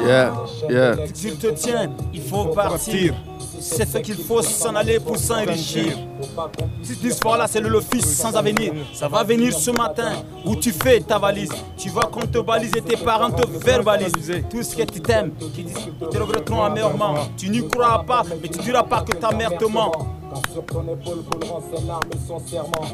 Yeah, te tiens, il faut partir. C'est ce qu'il faut s'en aller pour s'enrichir. Cette histoire-là, c'est le fils sans avenir. Ça va venir ce matin où tu fais ta valise. Tu vas qu'on te balise tes parents te verbalisent. Tout ce que tu t'aimes, ils te regretteront amèrement. Tu n'y crois pas, mais tu diras pas que ta mère te ment.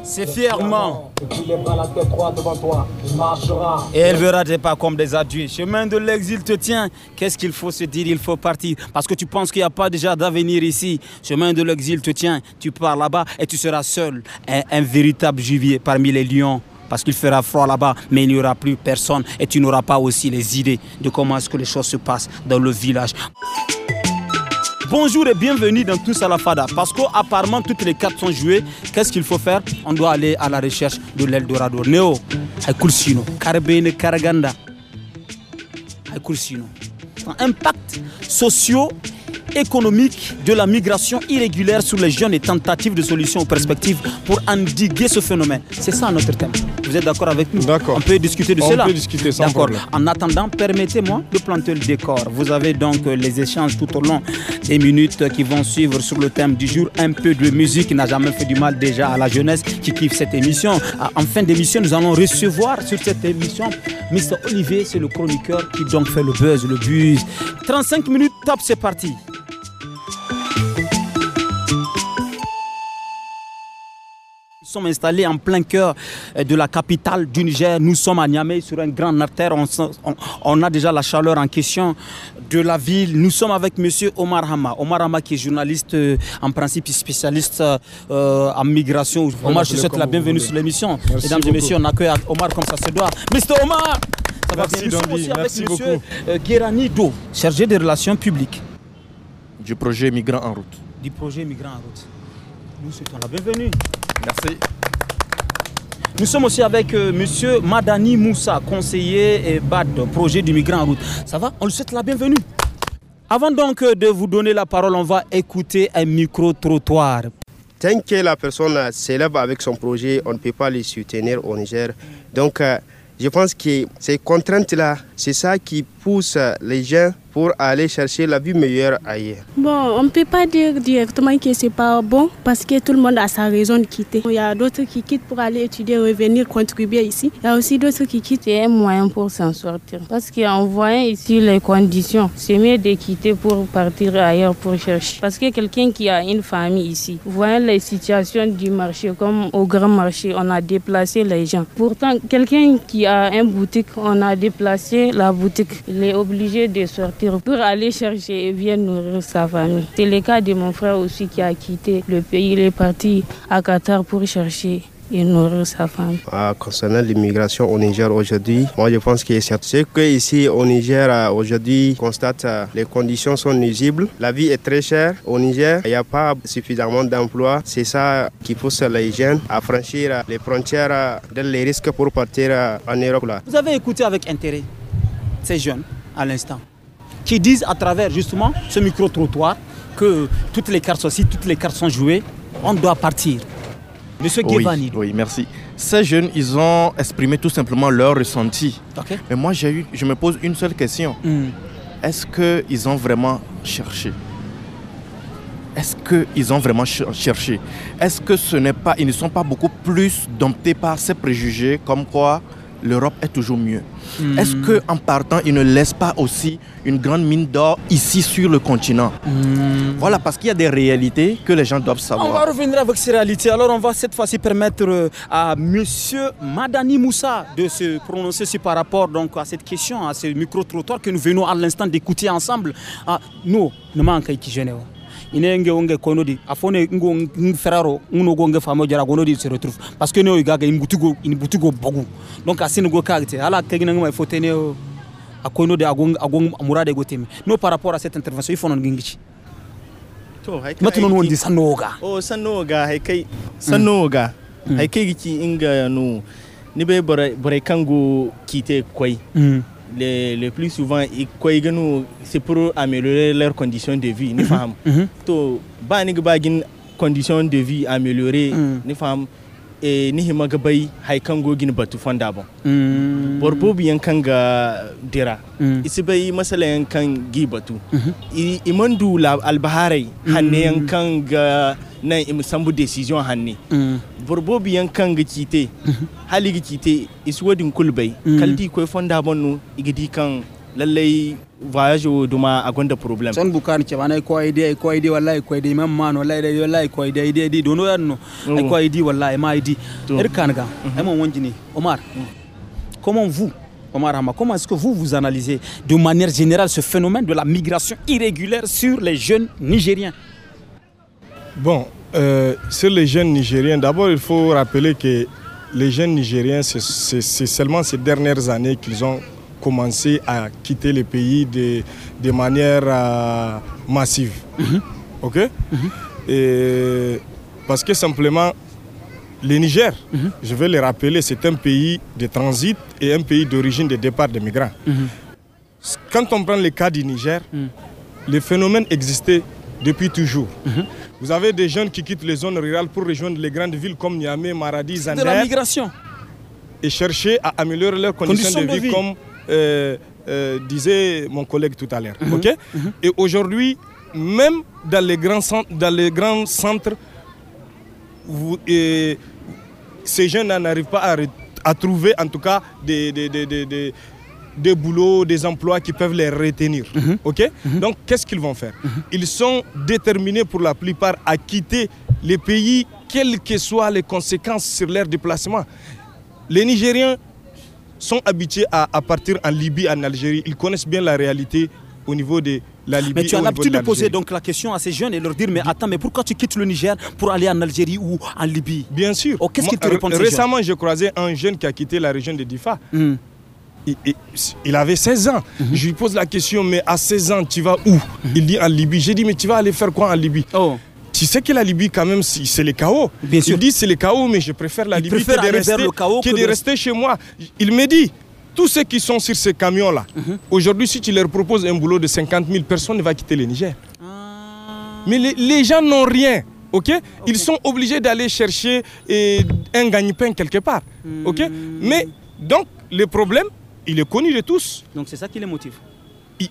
C'est fièrement. Et tu lèveras la tête droite devant toi. Il marchera. Et elle verra tes pas comme des adieux. Chemin de l'exil te tient. Qu'est-ce qu'il faut se dire Il faut partir. Parce que tu penses qu'il n'y a pas déjà d'avenir ici. Chemin de l'exil te tient. Tu pars là-bas et tu seras seul. Un, véritable juvier parmi les lions parce qu'il fera froid là-bas, mais il n'y aura plus personne et tu n'auras pas aussi les idées de comment est-ce que les choses se passent dans le village. Bonjour et bienvenue dans Tous à la Fada. Parce qu'apparemment, toutes les cartes sont jouées. Qu'est-ce qu'il faut faire On doit aller à la recherche de l'Eldorado. Néo, Kursino. Karbene, Karaganda. un Impact social économique de la migration irrégulière sur les jeunes et tentatives de solutions aux perspectives pour endiguer ce phénomène. C'est ça notre thème. Vous êtes d'accord avec nous D'accord. On peut discuter de cela On peut discuter sans En attendant, permettez-moi de planter le décor. Vous avez donc euh, les échanges tout au long des minutes qui vont suivre sur le thème du jour. Un peu de musique n'a jamais fait du mal déjà à la jeunesse qui kiffe cette émission. Ah, en fin d'émission, nous allons recevoir sur cette émission Mr. Olivier, c'est le chroniqueur qui donc fait le buzz, le buzz. 35 minutes, top, c'est parti. sommes installés en plein cœur euh, de la capitale du Niger. Nous sommes à Niamey sur un grand artère. On, a déjà la chaleur en question de la ville. Nous sommes avec Monsieur Omar Hama. Omar Hama qui est journaliste, euh, en principe spécialiste euh, en migration. Omar, je souhaite la bienvenue sur l'émission. Mesdames et messieurs, on accueille Omar comme ça se doit. Mr. Omar ça Merci, va beaucoup. Monsieur Guérani Do, chargé des relations publiques. Du projet migrant en route. Du projet migrant en route. Nous souhaitons la bienvenue. Merci. Nous sommes aussi avec M. Euh, monsieur Madani Moussa, conseiller et BAD, projet du migrant en route. Ça va On lui souhaite la bienvenue. Avant donc euh, de vous donner la parole, on va écouter un micro-trottoir. Tant que la personne s'élève avec son projet, on ne peut pas le soutenir au Niger. Donc, euh, je pense que ces contraintes-là, c'est ça qui pousse les gens pour aller chercher la vie meilleure ailleurs. Bon, on ne peut pas dire directement que ce n'est pas bon parce que tout le monde a sa raison de quitter. Il y a d'autres qui quittent pour aller étudier, revenir, contribuer ici. Il y a aussi d'autres qui quittent. C'est un moyen pour s'en sortir. Parce qu'en voyant ici les conditions, c'est mieux de quitter pour partir ailleurs pour chercher. Parce que quelqu'un qui a une famille ici, voyant les situations du marché, comme au grand marché, on a déplacé les gens. Pourtant, quelqu'un qui a une boutique, on a déplacé la boutique. Il est obligé de sortir pour aller chercher et bien nourrir sa famille. C'est le cas de mon frère aussi qui a quitté le pays. Il est parti à Qatar pour chercher et nourrir sa femme. Ah, concernant l'immigration au Niger aujourd'hui, moi je pense que c'est que ici au Niger euh, aujourd'hui constate euh, les conditions sont nuisibles, la vie est très chère au Niger, il n'y a pas suffisamment d'emplois, c'est ça qui pousse les jeunes à franchir euh, les frontières, dans les risques pour partir en Europe là. Vous avez écouté avec intérêt ces jeunes à l'instant qui disent à travers justement ce micro-trottoir que toutes les cartes sont si toutes les cartes sont jouées, on doit partir. Monsieur oui, Oui, merci. Ces jeunes, ils ont exprimé tout simplement leur ressenti. Mais moi, eu, je me pose une seule question. Hmm. Est-ce qu'ils ont vraiment cherché Est-ce qu'ils ont vraiment cherché Est-ce que ce n'est pas, ils ne sont pas beaucoup plus domptés par ces préjugés comme quoi l'Europe est toujours mieux. Hmm. Est-ce qu'en partant, ils ne laisse pas aussi une grande mine d'or ici sur le continent hmm. Voilà, parce qu'il y a des réalités que les gens doivent savoir. On va revenir avec ces réalités. Alors, on va cette fois-ci permettre euh, à Monsieur Madani Moussa de se prononcer sur, par rapport donc, à cette question, à ce micro-trottoir que nous venons à l'instant d'écouter ensemble. Ah, nous, nous manquons qui ine nge onge kono di afone ngo ferraro ngo go nge famo jara gono di se retrouve parce que no igaga in butigo in butigo bogu donc asine go kagte ala kegina ngai fote ne a kono de agon agon murade go teme no par rapport à cette intervention il faut non ngingici to hay matu non wondi sanoga o oh, sanoga hay kai sanoga mm. mm. hay kai gici inga no ni be bore bore kango kite koi mm. le, plus souvent c'est pour améliorer leurs conditions de vie ni mhm. femmes mhm. to ba conditions de vie améliorées mm. ni femmes e nihi maga bai haikan gogin batu fanda bon mm. borbo biyan ga dira mm. isi bai masala gi batu mm-hmm. imandu la albaharai mm. hanne yan ga nan im decision hanne mm. ga kite mm-hmm. mm. kaldi igidi kan lallai voyage duma a gwanda problem san bukan ce bana ko ai dai ko ai dai wallahi ko ai dai man man wallahi dai wallahi ko ai dai dai dai dono yanno ai oh. ko ai dai wallahi ma mhm. ai dai irkan ga ai mon wanjini Omar mm. comment vous Omar Hama, comment est-ce que vous vous analysez de manière générale ce phénomène de la migration irrégulière sur les jeunes nigériens Bon, euh, sur les jeunes nigériens, d'abord il faut rappeler que les jeunes nigériens, c'est seulement ces dernières années qu'ils ont commencer à quitter le pays de, manière euh, massive. Mhm. Ok mhm. Parce que simplement, le Niger, mhm. je vais le rappeler, c'est un pays de transit et un pays d'origine de départ des migrants. Quand on prend le cas du Niger, le phénomène existait depuis toujours. Vous avez des jeunes qui quittent les zones rurales pour rejoindre les grandes villes comme Niamey, Maradi, Zander. la migration. Et chercher à améliorer leurs conditions, de, vie. comme euh, euh, disait mon collègue tout à l'heure. Mhm. Mhm. Et aujourd'hui, même dans les grands centres, ces jeunes n'arrivent pas à, trouver en tout cas des, des, des, boulots, des emplois qui peuvent les retenir. Mhm. ok Donc, qu'est-ce qu'ils vont faire Ils sont déterminés pour la plupart à quitter les pays, quelles que soient les conséquences sur leur déplacement. Les Nigériens sont habitués à, partir en Libye, en Algérie. Ils connaissent bien la réalité au niveau de la Libye. Mais tu as l'habitude de, poser donc la question à ces jeunes et leur dire mais attends, mais pourquoi tu quittes le Niger pour aller en Algérie ou en Libye Bien sûr. Oh, qu'est-ce qu'ils te répondent Récemment, j'ai croisé un jeune qui a quitté la région de Difa. Hmm. Il, avait 16 ans. Mhm. Je lui pose la question, mais à 16 ans, tu vas où mhm. Il dit en Libye. J'ai dit, mais tu vas aller faire quoi en Libye oh tu sais que la Libye, quand même, c'est le chaos. Bien dis que c'est le chaos, mais je préfère la Libye que, de rester, chaos que, de rester chez moi. Il me dit, tous ceux qui sont sur ces camions-là, uh-huh. aujourd'hui, si tu leur proposes un boulot de 50 000 personnes, ne va quitter le Niger. Ah. Mais les, gens n'ont rien. Ils sont obligés d'aller chercher eh, un gagne-pain quelque part. Hmm. ok Mais donc, le problème, il est connu de tous. Donc, c'est ça qui les motive.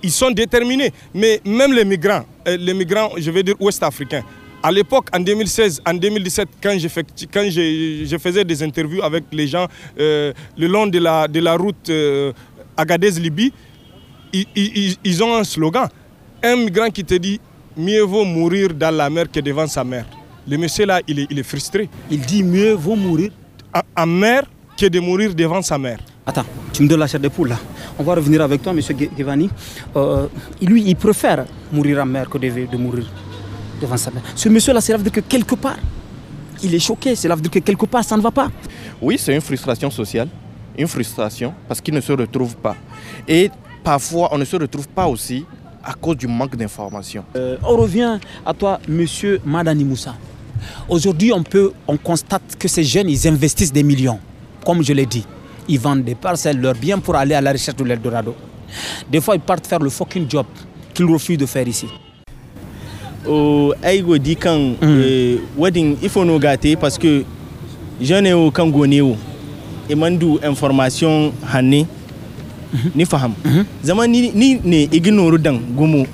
Ils, sont déterminés. Mais même les migrants, euh, les migrants, je vais dire ouest-africains, à l'époque, en 2016, en 2017, quand, je, faisais des interviews avec les gens euh, le long de la, route euh, Agadez-Libye, ils, ont un slogan. Un migrant qui te dit Mieux vaut mourir dans la mer que devant sa mère. Le monsieur-là, il est, frustré. Il dit Mieux vaut mourir en, mer que de mourir devant sa mère. Attends, tu me donnes la chair de poule là. On va revenir avec toi, monsieur Gevani. Euh, lui, il préfère mourir en mer que de mourir ce monsieur-là, cest veut dire que quelque part, il est choqué. cest veut dire que quelque part, ça ne va pas. Oui, c'est une frustration sociale, une frustration parce qu'il ne se retrouve pas. Et parfois, on ne se retrouve pas aussi à cause du manque d'informations. Euh, on revient à toi, monsieur Madani Moussa. Aujourd'hui, on, on constate que ces jeunes, ils investissent des millions. Comme je l'ai dit, ils vendent des parcelles, leurs biens pour aller à la recherche de l'Eldorado. Des fois, ils partent faire le fucking job qu'ils refusent de faire ici o aigo di mhm. il faut nous gate parce que jeune o kan Et e mandu information hani mhm. ni faham mhm. zaman ni ne ignoro dan gumo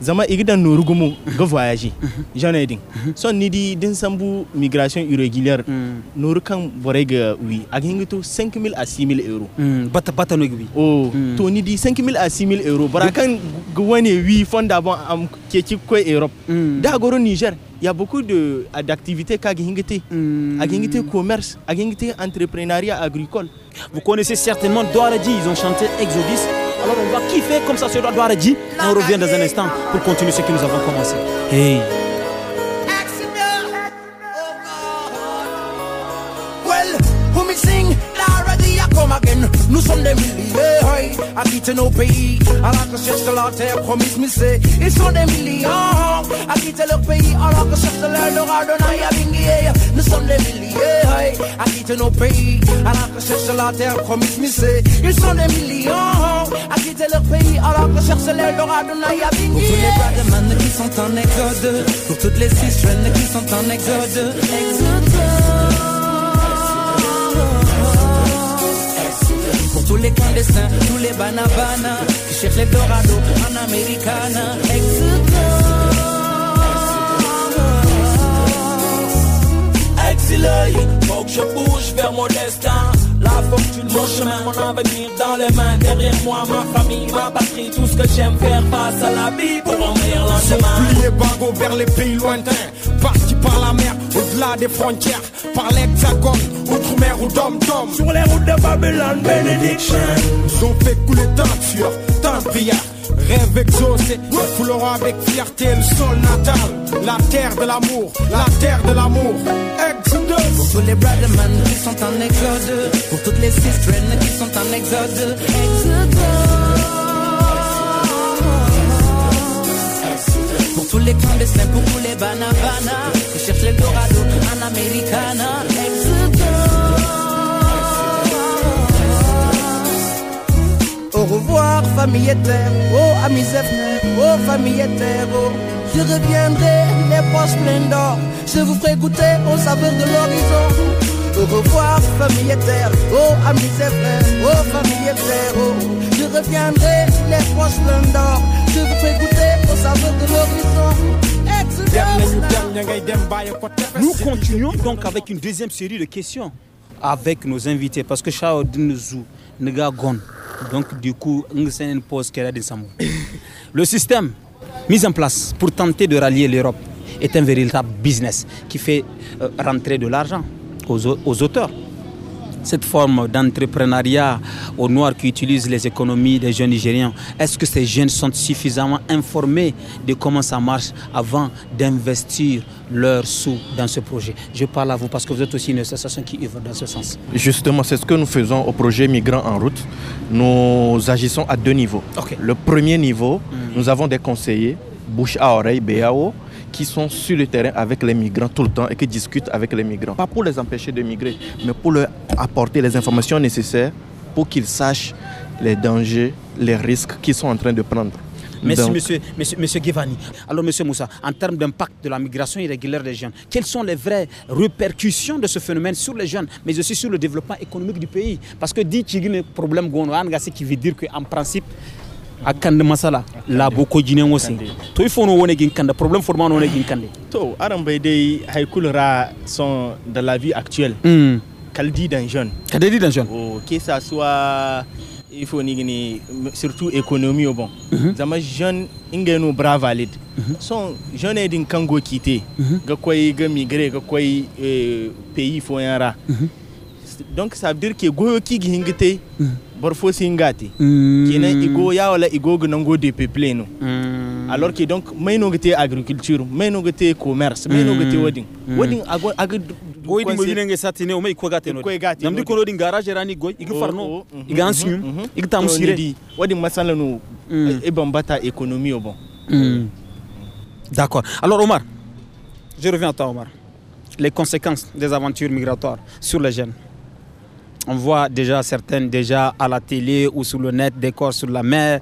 zama igidan norugumu ga voyage jana din son ni di din sambu migration irregulière mm. norukan bore ga wi a to 5000 a 6000 euro mm, bata bata no oh mm. to ni di 5000 à 6000 euro bara kan ga wi fonda bon am ko europe da goro niger il y a beaucoup d'activités qui Gingité. Gingité commerce, Gingité entrepreneuriat agricole. Vous connaissez certainement Douaradi, ils ont chanté Exodus alors on va kiffer comme ça, ce doit dit. on revient dans un instant pour continuer ce que nous avons commencé. Hey! habite nos pays alors que cherche la terre promise, mais ils sont des millions à uh-huh. quitter leur pays alors que cherche leur Doradonaïa Bingier. Nous sommes des milliers à quitter nos pays alors que cherche la terre promise, mais ils sont des millions à uh-huh. quitter leur pays alors que cherche leur Doradonaïa Bingier. Pour tous les man qui sont en exode, pour toutes les Sichuan qui sont en exode. exode. les clandestins, tous les banabana qui cherchent les dorados en Americana. Exitance, exilé, faut que je bouge vers mon destin. La fortune, mon chemin, mon avenir dans les mains. Derrière moi, ma famille, ma patrie, tout ce que j'aime faire face à la vie pour en meilleur lendemain. les bagots vers les pays lointains, parti par la mer au des frontières, par l'hexagone, outre-mer ou dom-dom. Sur les routes de Babylone, bénédiction. Ils fait couler tant sur tant de Rêve exaucé, foulera avec fierté le sol natal, la terre de l'amour, la terre de l'amour. Exodus. Pour tous les brothermen qui sont en exode, pour toutes les sisters qui sont en exode. Exodus. Tous les clandestins pour rouler les banavanas Je cherche le dorado en Americana Au revoir famille éther, oh amis éphémères oh famille éther, oh, Je reviendrai, les proches pleines d'or Je vous ferai goûter au saveur de l'horizon au revoir famille terre, oh amis et oh famille éther oh, Je reviendrai, les proches pleins d'or, je vous ferai goûter nous continuons donc avec une deuxième série de questions avec nos invités parce que Chao Donc du coup, pose Le système mis en place pour tenter de rallier l'Europe est un véritable business qui fait euh, rentrer de l'argent aux auteurs cette forme d'entrepreneuriat au noir qui utilise les économies des jeunes Nigériens, est-ce que ces jeunes sont suffisamment informés de comment ça marche avant d'investir leurs sous dans ce projet Je parle à vous parce que vous êtes aussi une association qui œuvre dans ce sens. Justement, c'est ce que nous faisons au projet Migrants en route. Nous agissons à deux niveaux. Le premier niveau, hmm. nous avons des conseillers, bouche à oreille, BAO qui sont sur le terrain avec les migrants tout le temps et qui discutent avec les migrants. Pas pour les empêcher de migrer, mais pour leur apporter les informations nécessaires pour qu'ils sachent les dangers, les risques qu'ils sont en train de prendre. Merci, monsieur, monsieur, Givani. Alors, monsieur Moussa, en termes d'impact de la migration irrégulière des jeunes, quelles sont les vraies répercussions de ce phénomène sur les jeunes, mais aussi sur le développement économique du pays Parce que dit problème, c'est qui veut dire qu'en principe, akande masala laabo ko jinen wose to ifo no wone gin kande problème fo wone gin kande to aran dey hay kulra son de la vie actuelle kaldi hmm. d'un jeune kaldi d'un jeune oh que ça soit il faut ni gini surtout économie au bon mm -hmm. zama jeune inga no bra valide mm -hmm. son jeune din kango kite mm -hmm. ga koy ga migrer ga koy euh, pays fo yara mm -hmm. donc ça veut dire que goyo ki gingite mm -hmm bor fo singati mm. kenan igo ya wala igo gnan gode people no mm. alors que donc mai no gate agriculture mai no gate commerce mai no gate mm. wedding mm. wedding ago ago goy di mobile nge satine o mai ko gate no nam di kono din garage rani goy igi farno oh, oh, mm-hmm, igi ansium mm-hmm, mm-hmm. igi tam sire wedding masala no e eh, bambata économie au bon d'accord alors Omar je reviens à toi Omar les conséquences des aventures migratoires sur les jeunes on voit déjà certaines déjà à la télé ou sur le net, des corps sur la mer.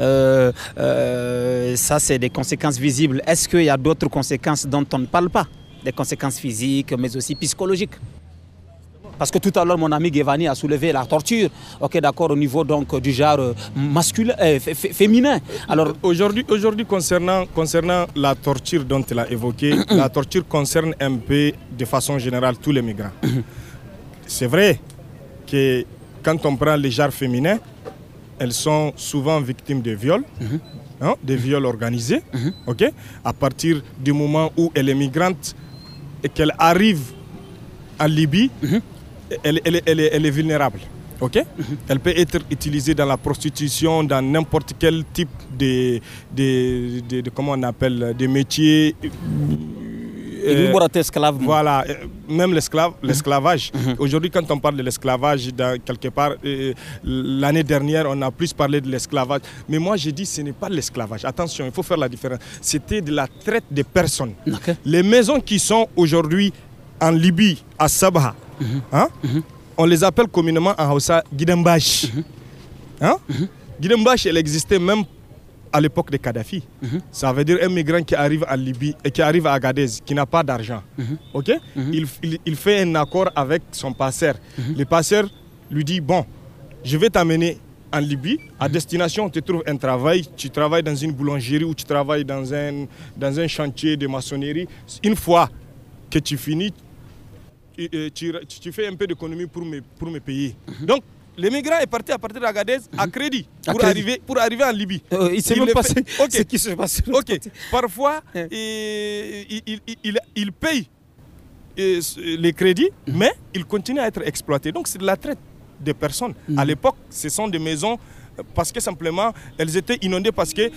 Euh, euh, ça, c'est des conséquences visibles. Est-ce qu'il y a d'autres conséquences dont on ne parle pas Des conséquences physiques, mais aussi psychologiques parce que tout à l'heure, mon ami Ghevani a soulevé la torture, ok, d'accord, au niveau donc du genre euh, masculin, féminin. Alors aujourd'hui, aujourd'hui concernant, concernant la torture dont tu a évoqué, la torture concerne un peu de façon générale tous les migrants. C'est vrai, quand on prend les genres féminins, elles sont souvent victimes de viols, mhm. hein, de viols organisés. Mhm. ok? à partir du moment où elle est migrante et qu'elle arrive en Libye, mhm. elle, est, vulnérable. elle peut être utilisée dans la prostitution, dans n'importe quel type de, comment on appelle, de métier euh, voilà, euh, même l'esclave, mhm. l'esclavage. Mhm. Aujourd'hui, quand on parle de l'esclavage, quelque part, euh, l'année dernière, on a plus parlé de l'esclavage. Mais moi, j'ai dit, ce n'est pas l'esclavage. Attention, il faut faire la différence. C'était de la traite des personnes. Les maisons qui sont aujourd'hui en Libye, à Sabha, mhm. hein? on les appelle communément en Hausa Guidembash. Hein? Gidambash elle existait même à l'époque de Kadhafi. Mhm. Ça veut dire un migrant qui arrive à Libye et qui arrive à Agadez, qui n'a pas d'argent. Mhm. Ok mhm. il, fait un accord avec son passeur. Le passeur lui dit bon, je vais t'amener en Libye. À destination, tu trouves un travail. Tu travailles dans une boulangerie ou tu travailles dans un, dans un chantier de maçonnerie. Une fois que tu finis, tu, euh, tu, fais un peu d'économie pour me, pour me payer. Donc L'immigrant est parti à partir d'Agadez à mhm. crédit pour, à Arriver, pour arriver en Libye. Euh, il s'est même passé ce qui se passe. Parfois, il, paye euh, les crédits, mhm. mais il continue à être exploité. Donc c'est de la traite des personnes. À mhm. l'époque, ce sont des maisons euh, parce que simplement elles étaient inondées parce que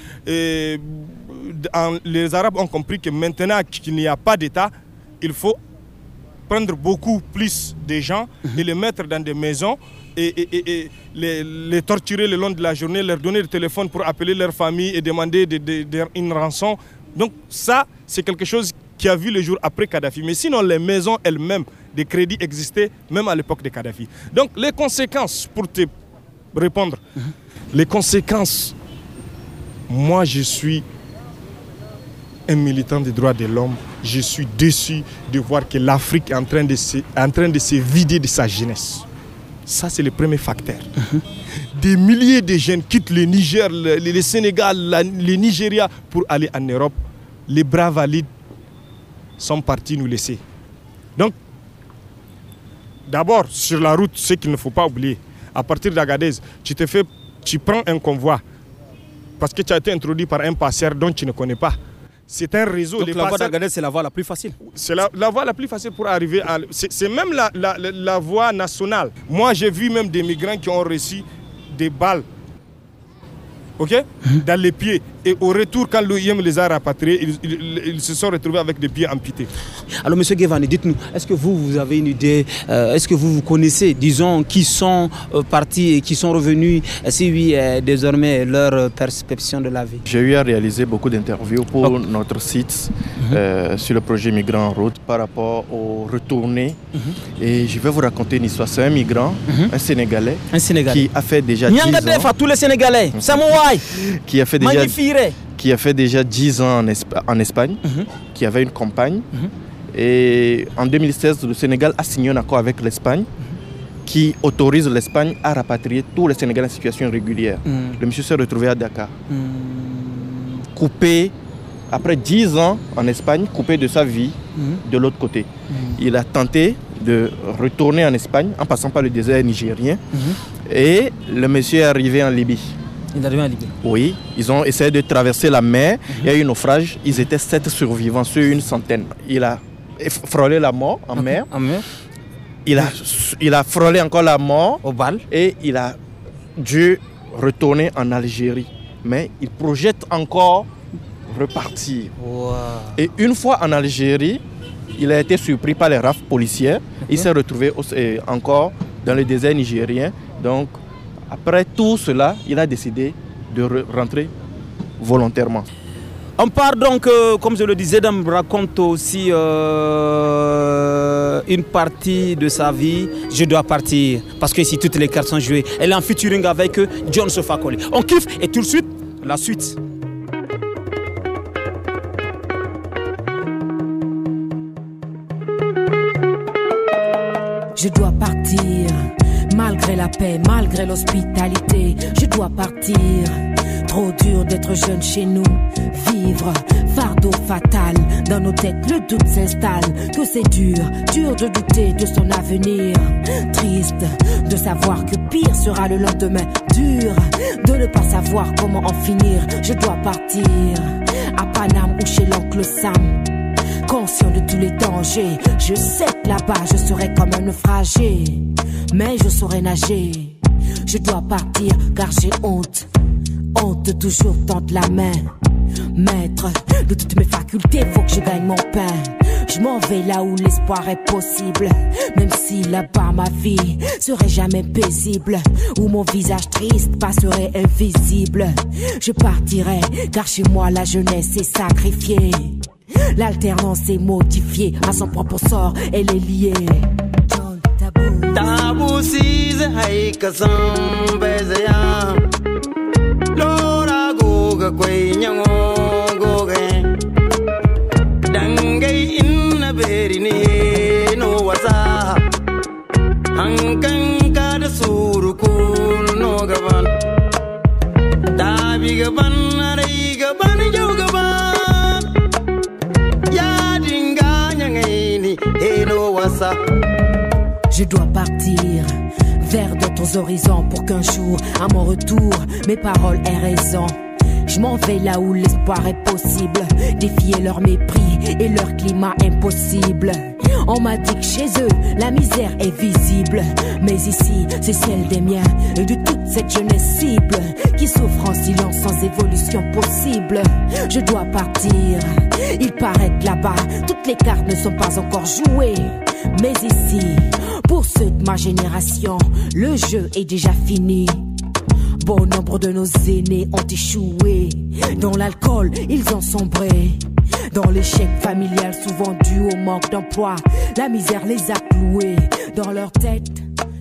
les Arabes ont compris que maintenant qu'il n'y a pas d'État, il faut prendre beaucoup plus de gens et les mettre dans des maisons et, les, torturer le long de la journée, leur donner le téléphone pour appeler leur famille et demander une rançon. Donc ça, c'est quelque chose qui a vu le jour après Kadhafi. Mais sinon, les maisons elles-mêmes des crédits existaient même à l'époque de Kadhafi. Donc les conséquences, pour te répondre, mhm. les conséquences, moi je suis un militant des droits de l'homme, je suis déçu de voir que l'Afrique est en train de en train de se vider de sa jeunesse. Ça, c'est le premier facteur. Des milliers de jeunes quittent le Niger, le, Sénégal, le Nigeria pour aller en Europe. Les bras valides sont partis nous laisser. Donc, d'abord, sur la route, ce qu'il ne faut pas oublier, à partir d'Agadez, tu te fais, tu prends un convoi parce que tu as été introduit par un passeur dont tu ne connais pas. C'est un réseau. Donc la voie d'Agadez, c'est la voie la plus facile. C'est la, voie la plus facile pour arriver à. C'est même la, la voie nationale. Moi, j'ai vu même des migrants qui ont reçu des balles. OK Dans les pieds. Et au retour, quand l'OIM les a rapatriés, ils, se sont retrouvés avec des pieds amputés. Alors, M. Guevane, dites-nous, est-ce que vous, vous avez une idée, euh, est-ce que vous vous connaissez, disons, qui sont euh, partis et qui sont revenus, euh, si oui, désormais, leur perception de la vie J'ai eu à réaliser beaucoup d'interviews pour notre site mhm. sur le projet Migrant en route par rapport aux retournés. Mhm. Et je vais vous raconter une histoire. C'est un migrant, mhm. un, Sénégalais, qui a fait déjà 10 ans... tous les Sénégalais, Qui a fait déjà qui a fait déjà 10 ans en, Espagne, mhm. qui avait une campagne. Mhm. Et en 2016, le Sénégal a signé un accord avec l'Espagne mhm. qui autorise l'Espagne à rapatrier tous les Sénégalais en situation régulière. Le monsieur s'est retrouvé à Dakar, coupé après 10 ans en Espagne, coupé de sa vie de l'autre côté. Il a tenté de retourner en Espagne en passant par le désert nigérien. Et le monsieur est arrivé en Libye. Oui, ils ont essayé de traverser la mer. Mhm. Il y a eu naufrage. Ils étaient sept survivants sur une centaine. Il a frôlé la mort en mer. Il a, il a frôlé encore la mort. Au bal. Et il a dû retourner en Algérie. Mais il projette encore repartir. Et une fois en Algérie, il a été surpris par les rafles policières. Il s'est retrouvé encore dans le désert nigérien. Donc, après tout cela, il a décidé de rentrer volontairement. On part donc, euh, comme je le disais, me raconte aussi euh, une partie de sa vie. Je dois partir parce que si toutes les cartes sont jouées, elle est en featuring avec euh, John Sofakoli. On kiffe et tout de suite, la suite. Je dois partir malgré la paix, malgré l'hospitalité, je dois partir. Trop dur d'être jeune chez nous, vivre, fardeau fatal. Dans nos têtes, le doute s'installe, que c'est dur, dur de douter de son avenir. Triste de savoir que pire sera le lendemain, dur de ne pas savoir comment en finir. Je dois partir à Paname ou chez l'oncle Sam conscient de tous les dangers. Je sais que là-bas, je serai comme un naufragé, mais je saurai nager. Je dois partir car j'ai honte, honte toujours tendre la main. Maître de toutes mes facultés, faut que je gagne mon pain. Je m'en vais là où l'espoir est possible, même si là-bas ma vie serait jamais paisible, où mon visage triste passerait invisible. Je partirai car chez moi la jeunesse est sacrifiée. L'alternance est modifiée à son propre sort, elle est liée. Tabou Tabou si haika sambeze ya Lora goga kwe nyango goge Dangai inna beri no wasa Hankan de suru kun no gaban Tabi gaban Je dois partir vers d'autres horizons pour qu'un jour, à mon retour, mes paroles aient raison. Je m'en vais là où l'espoir est possible, défier leur mépris et leur climat impossible. On m'a dit que chez eux, la misère est visible. Mais ici, c'est celle des miens et de toute cette jeunesse cible qui souffre en silence sans évolution possible. Je dois partir. Il paraît que là-bas, toutes les cartes ne sont pas encore jouées. Mais ici, pour ceux de ma génération, le jeu est déjà fini. Bon nombre de nos aînés ont échoué. Dans l'alcool, ils ont sombré. Dans l'échec familial, souvent dû au manque d'emploi, la misère les a cloués dans leur tête.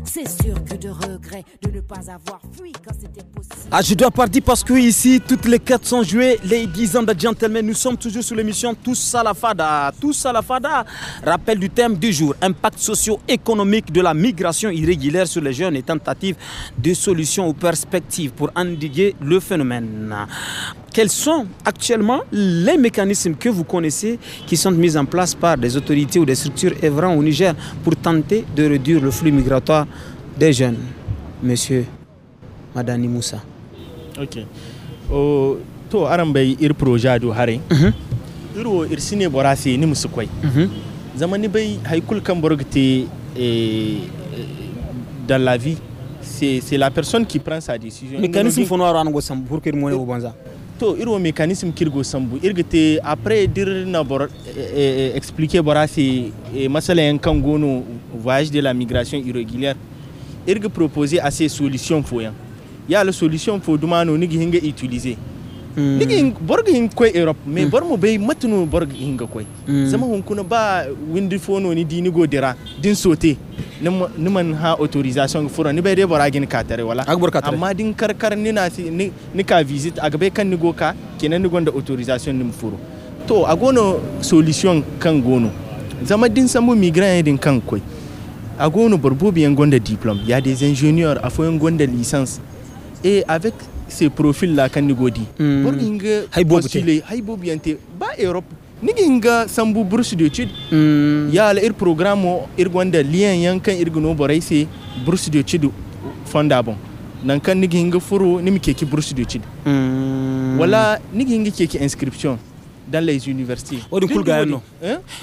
C'est sûr que de regret de ne pas avoir fui quand c'était possible. Ah, je dois partir parce que ici, toutes les cartes sont jouées. Les 10 ans de gentlemen, nous sommes toujours sur l'émission Tous à la Fada. Tous à la Fada. Rappel du thème du jour impact socio-économique de la migration irrégulière sur les jeunes et tentative de solutions aux perspectives pour endiguer le phénomène quels sont actuellement les mécanismes que vous connaissez qui sont mis en place par des autorités ou des structures évrant au Niger pour tenter de réduire le flux migratoire des jeunes Monsieur Madani Moussa. Ok. Oh, to arambe ir projet mhm. Iro ir sine borasi ni musukwai. Mhm. Zamani haikul kan e, dans la vie, c'est la personne qui prend sa décision. Mécanisme que to iro mechanism kirgo sambu irgite après dir na bor explique eh, eh, eh, expliquer borasi eh, masala yan voyage de la migration irrégulière irge proposer assez solution foyan ya la solution fo dumano nigi hinga utiliser nigi hmm. hin borg hin europe mais hmm. bor mo bay matunu borg hinga koy hmm. zama hunkuna ba windi fono ni dini go dira din sote niman ha autorisation fura ni bai dai bora gin katare wala amma din karkar ni na si ni ka visit aga bai kan ni go ka kenan ni gonda autorisation nim furo to a gono solution kan gono zama din samu migrant din kan koy a gono borbobi yan gonda diplome ya des ingénieurs a fo yan gonda licence et avec ces profil là kan ni godi mm. bor inga hay bobu te hay bobu yante ba europe ni inga sambu bourse d'études mm. ya la ir programme o ir gonda lien kan ir gno borai se bourse d'études fonda bon nan kan ni inga furu ni mi keki bourse d'études mm. wala ni inga keki inscription dans les universités waɗi kulgayanno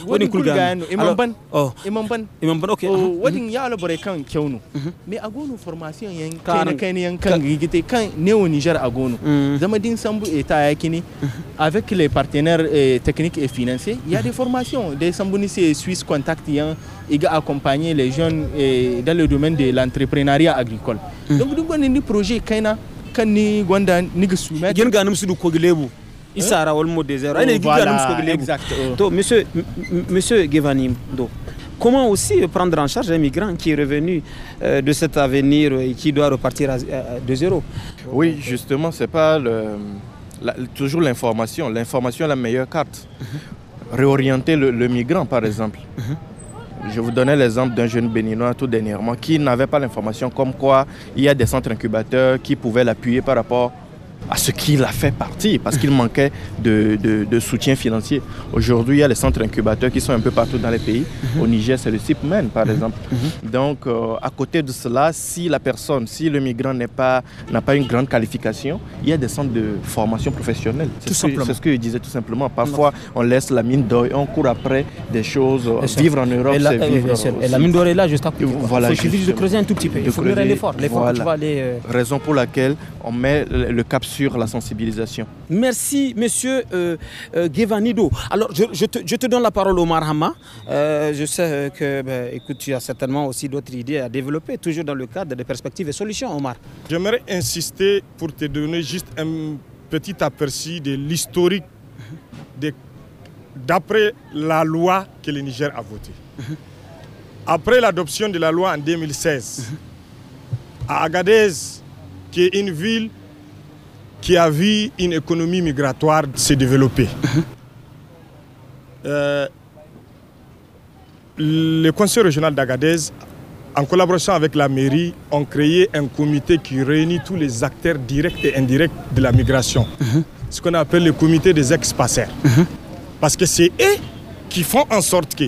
waɗi kulgayanno imam ban oh. imam ban imam ban ok oh, uh-huh. waɗin ya alabore kan kewnu mais mm-hmm. a formation y'en. kayne kayne yen kan gigite kan néo niger agonu. Mm-hmm. zama din sambu eta yakini mm-hmm. avec les partenaires eh, techniques et financiers il y a des formations des sambuni c'est suisse contact yan hein, iga accompagner les jeunes eh, dans le domaine de l'entrepreneuriat agricole donc nous wani ni projet kaina kan ni gonda ni ga gen ganum su ko kogilebu Hein? Il s'arrête désert mot Voilà. Exact. to oh. monsieur monsieur Comment aussi prendre en charge un migrant qui est revenu euh, de cet avenir et qui doit repartir de zéro Oui, justement, c'est pas toujours l'information. L'information est la meilleure carte. Réorienter le, le migrant, par exemple. Je vous donnais l'exemple d'un jeune béninois tout dernièrement qui n'avait pas l'information comme quoi il y a des centres incubateurs qui pouvaient l'appuyer par rapport à ce qu'il a fait partir parce qu'il manquait de, de, soutien financier. Aujourd'hui, il y a les centres incubateurs qui sont un peu partout dans les pays. Mhm. Au Niger, c'est le CIPMEN, par mhm. exemple. Mhm. Donc, euh, à côté de cela, si la personne, si le migrant n'a pas, pas une grande qualification, il y a des centres de formation professionnelle. C'est ce que je disais tout simplement. Parfois, on laisse la mine d'or et on court après des choses. vivre en Europe, c'est vivre. et la mine d'or est là juste à côté. Voilà, il suffit de creuser un tout petit peu. il faut faire l'effort. Euh, Raison pour laquelle on met le cap sur la sensibilisation. Merci, monsieur euh, euh, Guevanido. Alors, je, te, donne la parole, Omar Hama. Euh, je sais que, ben, écoute, tu as certainement aussi d'autres idées à développer, toujours dans le cadre des perspectives et solutions, Omar. J'aimerais insister pour te donner juste un petit aperçu de l'historique d'après la loi que le Niger a votée. Après l'adoption de la loi en 2016, à Agadez, qui est une ville qui a vu une économie migratoire se développer. Euh, le conseil régional d'Agadez, en collaboration avec la mairie, ont créé un comité qui réunit tous les acteurs directs et indirects de la migration. Ce qu'on appelle le comité des ex-passeurs. Parce que c'est eux qui font en sorte que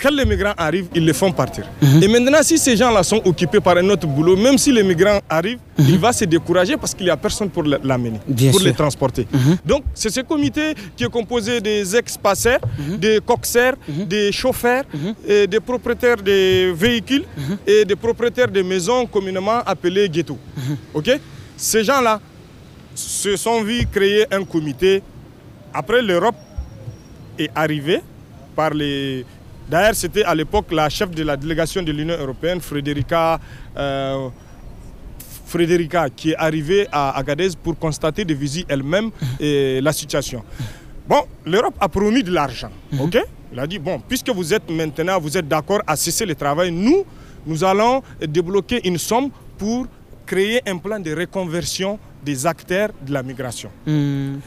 quand les migrants arrivent, ils les font partir. Mhm. Et maintenant, si ces gens-là sont occupés par un autre boulot, même si les migrants arrivent, mhm. il va se décourager parce qu'il n'y a personne pour l'amener, pour les transporter. Mhm. Donc, c'est ce comité qui est composé des ex-passeurs, des coxers, des chauffeurs, et des propriétaires des véhicules et des propriétaires des maisons communément appelées ghettos. Ok Ces gens-là se sont vus créer un comité. Après, l'Europe est arrivée par les D'ailleurs, c'était à l'époque la chef de la délégation de l'Union européenne, Frédérica, euh, qui est arrivée à Agadez pour constater de visite elle-même la situation. Bon, l'Europe a promis de l'argent, mhm. ok Il a dit, bon, puisque vous êtes maintenant, vous êtes d'accord à cesser le travail, nous, nous allons débloquer une somme pour créer un plan de reconversion des acteurs de la migration. Mhm.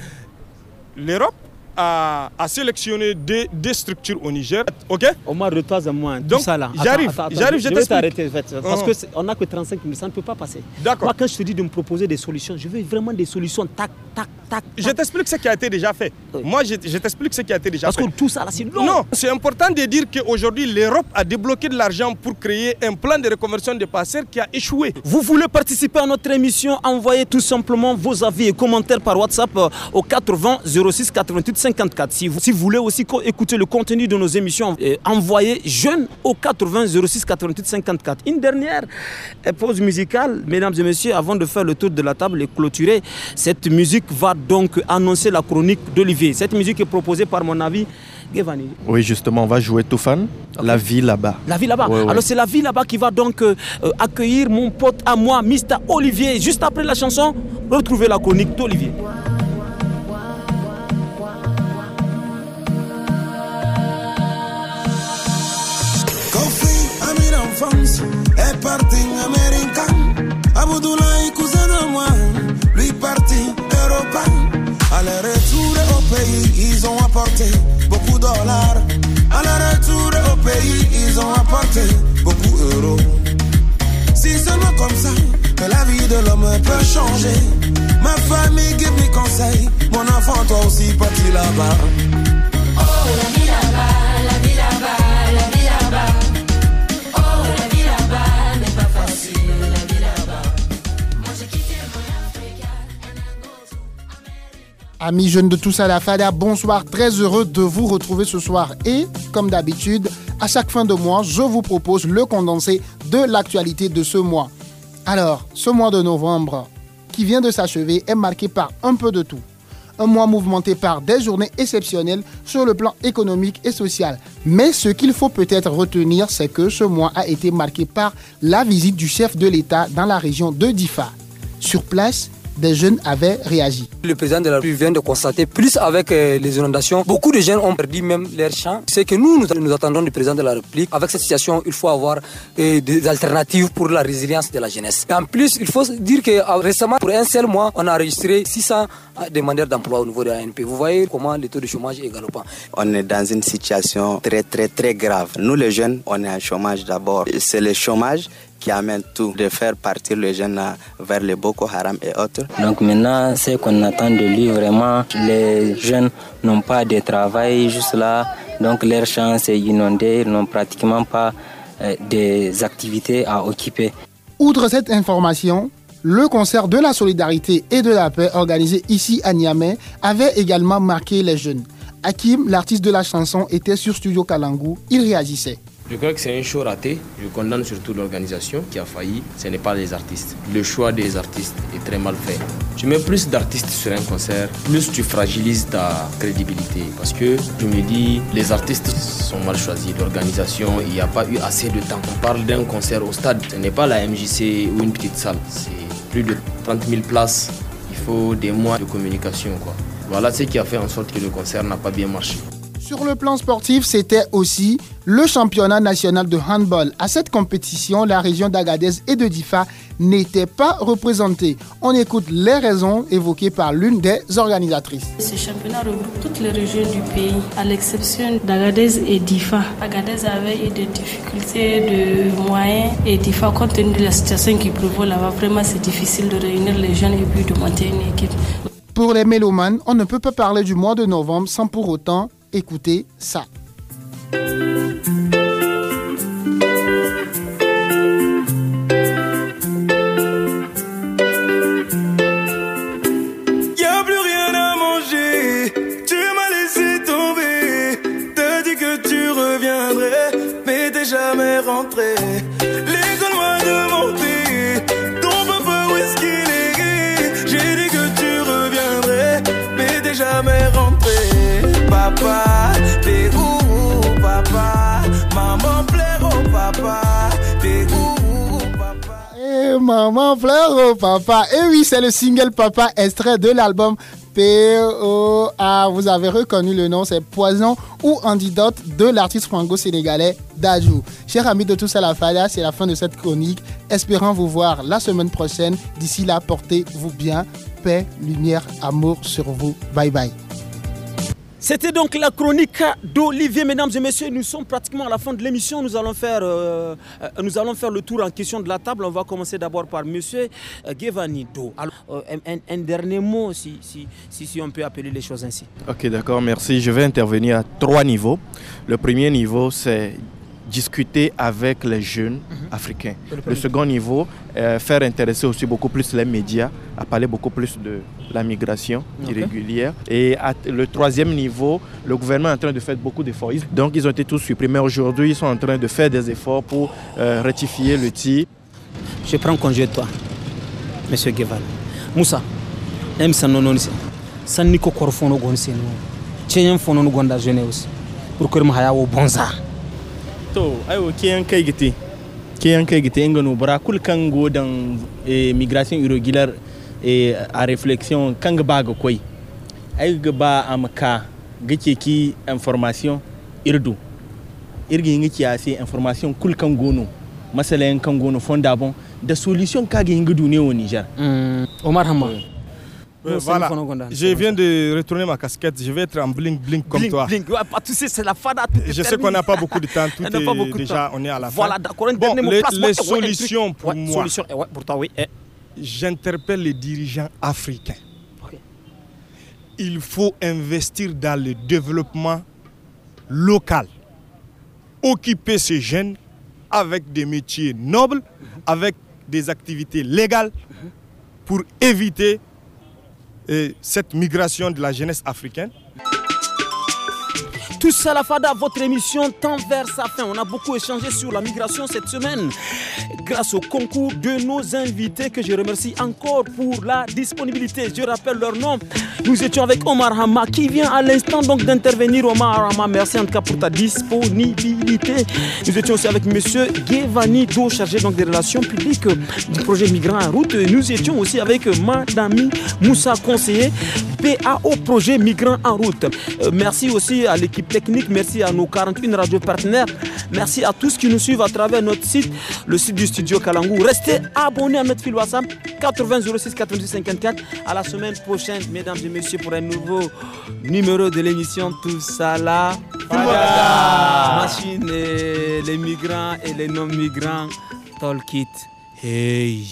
L'Europe à, sélectionner des, structures au Niger. Ok Omar, de à moi, Donc, ça là. J'arrive, j'arrive, je, je vais t'arrêter, en fait, parce oh. qu'on n'a que 35 minutes, ça ne peut pas passer. D'accord. Moi, quand je te dis de me proposer des solutions, je veux vraiment des solutions tac je t'explique ce qui a été déjà fait. Moi, je, t'explique ce qui a été déjà fait. Parce que tout ça, là, c'est Non, c'est important de dire qu'aujourd'hui, l'Europe a débloqué de l'argent pour créer un plan de reconversion des passeurs qui a échoué. Vous voulez participer à notre émission Envoyez tout simplement vos avis et commentaires par WhatsApp euh, au 80 06 88 54. Si vous, si voulez aussi écouter le contenu de nos émissions, euh, envoyez jeune au 80 06 88 54. Une dernière euh, pause musicale, mesdames et messieurs, avant de faire le tour de la table et clôturer cette musique va donc annoncer la chronique d'Olivier. Cette musique est proposée par mon ami Gevani. Oui, justement, on va jouer tout fan, la vie là-bas. La vie là-bas. Alors c'est la vie là-bas qui va donc euh, euh, accueillir mon pote à moi, Mr. Olivier. Juste après la chanson, retrouvez la chronique d'Olivier. cousin moi, lui parti leur À retour au pays, ils ont apporté beaucoup dollars. À retour au pays, ils ont apporté beaucoup d'euros. Si seulement comme ça que la vie de l'homme peut changer. Ma famille give me conseil, mon enfant toi aussi parti là-bas. Oh, la vie là-bas. Amis jeunes de tous à la Fada, bonsoir, très heureux de vous retrouver ce soir et, comme d'habitude, à chaque fin de mois, je vous propose le condensé de l'actualité de ce mois. Alors, ce mois de novembre, qui vient de s'achever, est marqué par un peu de tout. Un mois mouvementé par des journées exceptionnelles sur le plan économique et social. Mais ce qu'il faut peut-être retenir, c'est que ce mois a été marqué par la visite du chef de l'État dans la région de Difa. Sur place, des jeunes avaient réagi. Le président de la République vient de constater, plus avec euh, les inondations, beaucoup de jeunes ont perdu même leurs champs. C'est que nous, nous attendons du président de la République. Avec cette situation, il faut avoir euh, des alternatives pour la résilience de la jeunesse. en plus, il faut dire que ah, récemment, pour un seul mois, on a enregistré 600 ah, demandeurs d'emploi au niveau de l'ANP. Vous voyez comment le taux de chômage est galopant. On est dans une situation très, très, très grave. Nous, les jeunes, on est en chômage d'abord. C'est le chômage qui amène tout, de faire partir les jeunes vers les Boko Haram et autres. Donc maintenant, ce qu'on attend de lui vraiment, les jeunes n'ont pas de travail juste là, donc leur chance est inondée, ils n'ont pratiquement pas euh, des activités à occuper. Outre cette information, le concert de la solidarité et de la paix organisé ici à Niamey avait également marqué les jeunes. Hakim, l'artiste de la chanson, était sur Studio Kalangu. Il réagissait. Je crois que c'est un show raté. Je condamne surtout l'organisation qui a failli. Ce n'est pas les artistes. Le choix des artistes est très mal fait. Tu mets plus d'artistes sur un concert, plus tu fragilises ta crédibilité. Parce que je me dis, les artistes sont mal choisis. L'organisation, il n'y a pas eu assez de temps. On parle d'un concert au stade. Ce n'est pas la MJC ou une petite salle. C'est plus de 30 000 places. Il faut des mois de communication. Quoi. Voilà ce qui a fait en sorte que le concert n'a pas bien marché. Sur le plan sportif, c'était aussi le championnat national de handball. À cette compétition, la région d'Agadez et de Difa n'était pas représentée. On écoute les raisons évoquées par l'une des organisatrices. Ce championnat regroupe toutes les régions du pays, à l'exception d'Agadez et Difa. Agadez avait eu des difficultés de moyens et Difa, compte tenu de la situation qui prévaut là-bas, vraiment c'est difficile de réunir les jeunes et puis de monter une équipe. Pour les mélomanes, on ne peut pas parler du mois de novembre sans pour autant Écoutez ça a plus rien à manger Tu m'as laissé tomber T'as dit que tu reviendrais Mais t'es jamais rentré Les moi de monter Ton pape ce qu'il est J'ai dit que tu reviendrais mais déjà rentré papa, papa, maman plaire au oh, papa, papa. Et eh, maman au oh, papa. Et eh oui, c'est le single Papa extrait de l'album POA. Vous avez reconnu le nom, c'est Poison ou Antidote de l'artiste franco-sénégalais Dajou. Chers amis de tous à la Fala, c'est la fin de cette chronique. Espérant vous voir la semaine prochaine. D'ici là, portez-vous bien. Paix, lumière, amour sur vous. Bye bye. C'était donc la chronique d'Olivier, mesdames et messieurs. Nous sommes pratiquement à la fin de l'émission. Nous, allons faire, euh, euh, nous allons faire le tour en question de la table. On va commencer d'abord par M. Euh, Gevanido. Alors, un, dernier mot, si, si, on peut appeler les choses ainsi. Ok, d'accord, merci. Je vais intervenir à trois niveaux. Le premier niveau, c'est discuter avec les jeunes mhm. africains. Le, second niveau, euh, faire intéresser aussi beaucoup plus les médias à parler beaucoup plus de la migration irrégulière. Et le troisième niveau, le gouvernement est en train de faire beaucoup d'efforts. Donc ils ont été tous supprimés. Aujourd'hui, ils sont en train de faire des efforts pour euh, rectifier le tir. Je prends congé de toi, M. Guevara. Moussa, M. Sanononise, San Nico Korfono Gonse, Tchéen Gonda aussi. pour que je me bonza to ayo ke kai gite ke kai gite ingano bara kul kan godan e, migration irregular e, a reflexion kan ga baga koi ai ga ba amka gake ki information irdu irgi ngi ya sai information kul kan gono masalayen kan gono fondabon da solution kage ngi ne au Niger mm, Omar Hamma mm voilà. Je viens de retourner ma casquette. Je vais être en bling bling comme toi. je sais qu'on n'a pas beaucoup de temps. Tout on est déjà, on est à la fin. Voilà, d'accord. Bon, les, solutions pour moi. Eh eh. J'interpelle les dirigeants africains. Il faut investir dans le développement local. Occuper ces jeunes avec des métiers nobles, mhm. avec des activités légales mhm. pour éviter et cette migration de la jeunesse africaine tous à FADA, votre émission tend vers sa fin. On a beaucoup échangé sur la migration cette semaine grâce au concours de nos invités que je remercie encore pour la disponibilité. Je rappelle leur nom. Nous étions avec Omar Hama qui vient à l'instant donc d'intervenir. Omar Hama, merci en tout cas pour ta disponibilité. Nous étions aussi avec Monsieur Gevani Do, chargé donc des relations publiques du projet Migrants en route. Nous étions aussi avec Madame Moussa, conseiller PA au projet Migrants en route. Euh, merci aussi à l'équipe technique, merci à nos 41 radios partenaires, merci à tous qui nous suivent à travers notre site, le site du studio Kalangou. Restez abonnés à notre fil WhatsApp 80 54. À la semaine prochaine, mesdames et messieurs, pour un nouveau numéro de l'émission Tout ça là. Machine les migrants et les non-migrants. talk Tolkit. Hey.